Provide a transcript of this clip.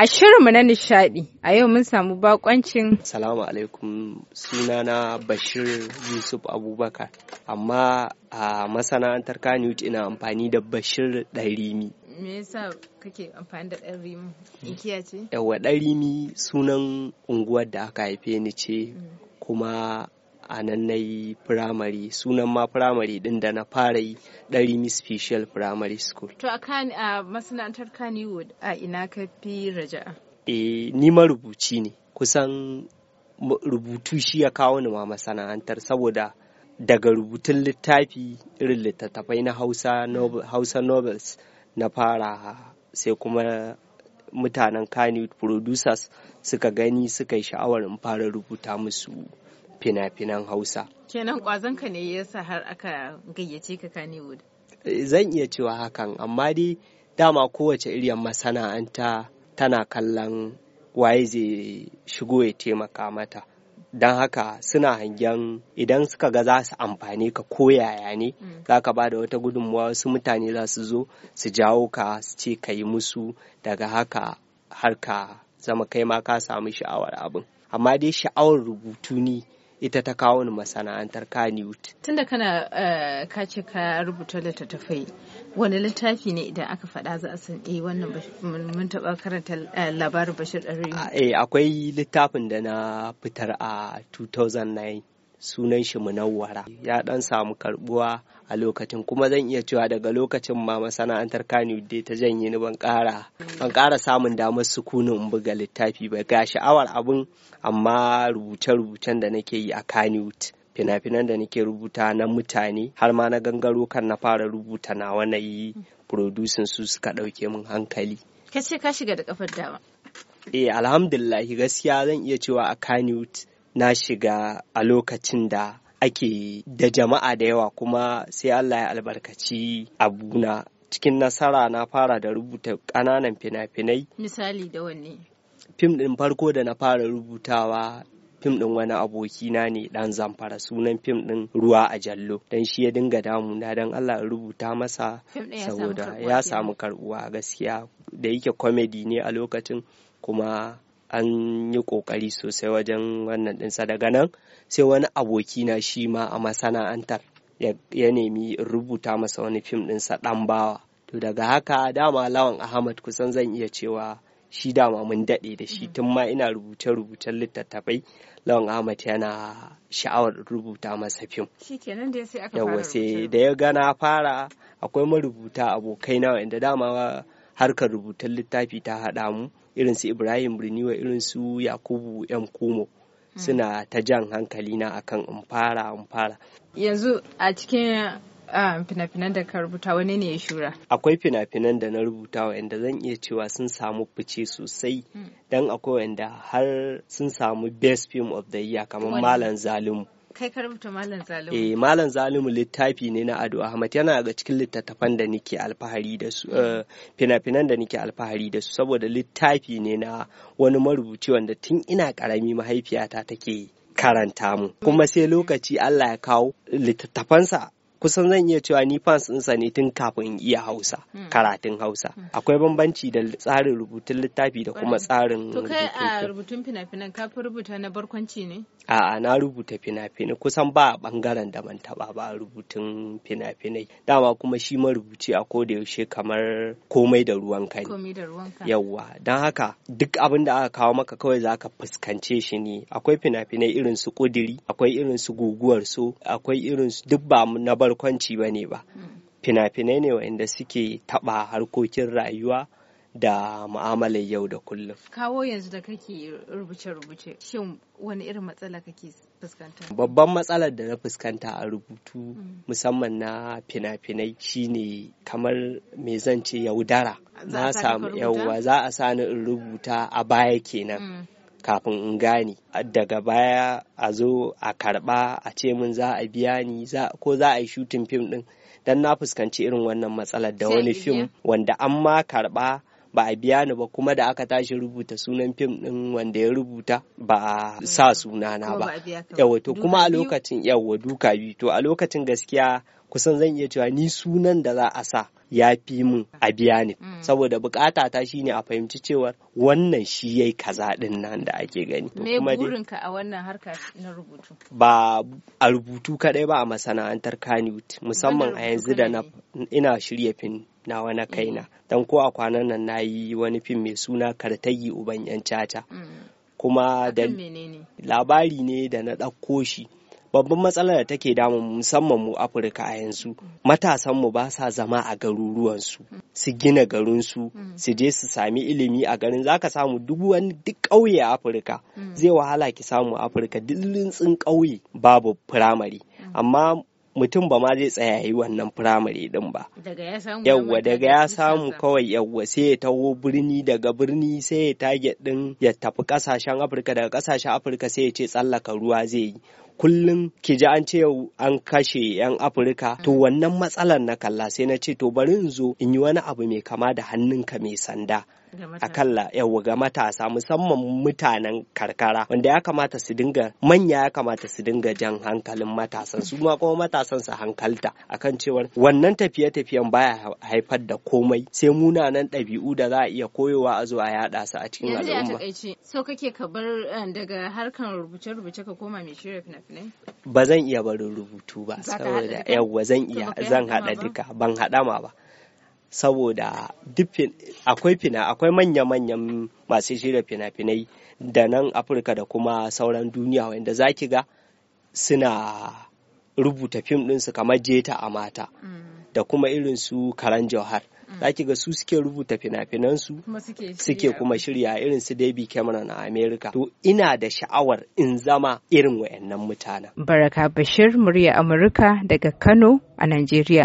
A shirinmu na nishadi a yau mun samu bakoncin. Salamu alaikum sunana Bashir Yusuf Abubakar amma a masana'antar Kanut ina amfani da Bashir Ɗarimi. Me yasa kake amfani da Ɗarimi? Hmm. Inkiya ce? Yawa Ɗarimi sunan unguwar da aka haife ni ce hmm. kuma a nan na yi firamare sunan ma firamare din da na fara yi ɗari ɗarimi special primary school to a kan masana'antar kannywood a ina ka fi raja'a eh ni marubuci ne kusan rubutu shi ya kawo ni ma masana'antar saboda daga rubutun littafi irin littattafai na hausa novels na fara sai kuma mutanen Kannywood producers suka gani suka yi sha'awar in fara rubuta musu fina-finan hausa kenan kwazonka ne yasa har aka gayyace ka kannywood eh, zan iya cewa hakan amma dai dama kowace iriyar masana'anta tana kallon waye zai shigo ya taimaka mata don haka suna hangen idan suka ga za su amfani ka koyaya ne mm. za ka ba da wata gudunmawa wasu mutane za su zo su jawo ka su ce ka yi musu daga haka har ka zama kai ma ka samu sha'awar abin amma dai sha'awar rubutu ni. ita ta kawo ni masana'antar Kaniwood. Tunda kana uh, ka ce ka rubuta littattafai wani littafi ne idan aka faɗa za a san eh wannan mun taɓa karanta eh, labarin Bashir Ɗari. Eh akwai littafin da na fitar a 2009 sunan shi munawwara ya dan samu karbuwa a lokacin kuma zan iya cewa daga lokacin ma masana'antar kani dai ta janye ni ban kara ban kara samun damar sukunin in buga littafi ba ga sha'awar abun amma rubuce-rubucen da nake yi a kani fina-finan da nake rubuta na mutane har ma na gangaro kan na fara rubuta na wani yi producing su suka ɗauke min hankali ka ce ka shiga da kafar dama eh alhamdulillah gaskiya zan iya cewa a kani na shiga a lokacin da ake da jama'a da yawa kuma sai Allah ya albarkaci abuna cikin nasara na fara da rubuta ƙananan fina-finai. Misali da wanne? Fim ɗin farko da na fara rubutawa fim ɗin wani abokina ne ɗan zamfara sunan fim ɗin ruwa a jallo don shi ya dinga damu, na don Allah rubuta masa saboda ya samu karbuwa gaskiya da yake komedi ne a lokacin kuma an yi kokari sosai wajen wannan ɗinsa daga nan sai wani aboki na shi ma a masana'antar ya nemi rubuta masa wani fim ɗinsa ɗan bawa to daga haka dama lawan ahmad kusan zan iya cewa shi dama mun daɗe da shi mm. tun ma ina rubuce-rubucen littattafai lawan ahmad yana sha'awar rubuta masa fim yawa sai da ya gana fara akwai marubuta abokai na wanda dama harkar rubutun littafi ta haɗa mu irin su ibrahim birniwa irin su yakubu yan kumo suna ta jan hankali na akan in fara yanzu a cikin fina-finan da ka rubuta wani ne ya shura akwai fina-finan da na rubuta wa'anda zan iya cewa sun samu fice sosai hmm. don akwai wanda har sun samu best film of the year kamar malam zalimu kai ka rubuta malam zalimu eh malam zalimu littafi ne na ado ahmad yana ga cikin littattafan da nake alfahari da su eh, fina-finan da nake alfahari da su saboda littafi ne na wani marubuci wanda tun ina karami mahaifiyata take karanta mu kuma sai lokaci Allah ya kawo littattafansa kusan zan iya cewa ni fans ɗinsa ne tun kafin in iya hausa hmm. karatun hausa hmm. akwai bambanci da tsarin rubutun littafi da kuma tsarin to kai a rubutun fina-finan ka rubuta na barkwanci ne a'a na rubuta fina-finai kusan ba bangaren da man taba ba rubutun fina-finai dama kuma shi marubuci a koda yaushe kamar komai da ruwan kai komai da ruwan kai yawwa don haka duk abin da aka kawo maka kawai zaka fuskance shi ne akwai fina-finai irin su kudiri akwai irin su guguwar so akwai irin su duk ba na barkwanci ba ne ba fina-finai ne waɗanda suke taɓa harkokin rayuwa da mu'amalar yau da kullum. Kawo yanzu da kake rubuce-rubuce, shin wani irin matsala kake fuskanta? Babban matsalar da na fuskanta a rubutu mm. musamman na fina-finai shine kamar me zan ce yaudara. Na samu yauwa za a sani in rubuta a baya kenan. Mm. kafin in gane daga baya a zo a karba a ce min za a biya ni ko za a yi shutin fim din dan na fuskanci irin wannan matsalar da wani fim wanda an ma karba ba a biya ni ba kuma da aka tashi rubuta sunan fim din wanda ya rubuta ba a sa mm. sunana ba yawa to kuma a lokacin yawa duka biyu to a lokacin gaskiya kusan zan iya cewa ni sunan da za a sa ya fi mun a biya ne mm. saboda bukata ta shine a fahimci cewar wannan shi yayi kaza din nan da ake gani me burinka a wannan harka na rubutu ba a rubutu kadai ba a masana'antar Kannywood musamman a yanzu da na ina shirya fin nawa na kaina mm. dan ko a kwanan nan nayi wani fim mai suna Kartayi uban yan caca mm. kuma da labari ne da na ɗauko shi babban matsalar da take damun musamman mu afirka a yanzu matasan mu ba sa zama a garuruwansu su gina garinsu su je su sami ilimi a garin zaka samu duk wani duk ƙauye a afirka zai wahala ki samu afirka duk lintsin ƙauye babu firamare amma mutum ba ma zai tsaya yi wannan firamare din ba. Yawwa daga ya samu kawai yawwa sai ya taho birni daga birni sai ya tage din ya tafi kasashen Afirka daga kasashen Afirka sai ya ce tsallaka ruwa zai yi. kullum ki ji an ce yau an kashe 'yan afirka to wannan matsalar na kalla sai na ce to bari in zo in yi wani abu mai kama da hannunka mai sanda kalla yawa ga matasa musamman mutanen karkara wanda ya kamata su dinga manya ya kamata su dinga jan hankalin matasan su ma kuma matasan su hankalta akan cewar wannan tafiye-tafiyen baya haifar da komai sai munanan ɗabi'u da za a iya koyowa a zo a yaɗa su a cikin al'umma. Yanzu so kake ka bar eh, daga harkan rubuce-rubuce ka koma mai shirya fina-finai? Ba zan iya barin rubutu ba saboda yawa zan iya zan haɗa duka ban haɗama ba. saboda akwai fina akwai manya-manyan masu shirya fina-finai da nan afirka da kuma sauran duniya wanda za ki ga suna rubuta fim ɗinsu kamar jeta a mata mm. da kuma irin su karan jauhar mm. za ki ga su suke rubuta fina-finansu suke kuma shirya irin su David Cameron a Amerika. To ina da sha'awar in zama irin wayannan mutanen. Baraka Bashir murya Amurka daga Kano a Najeriya.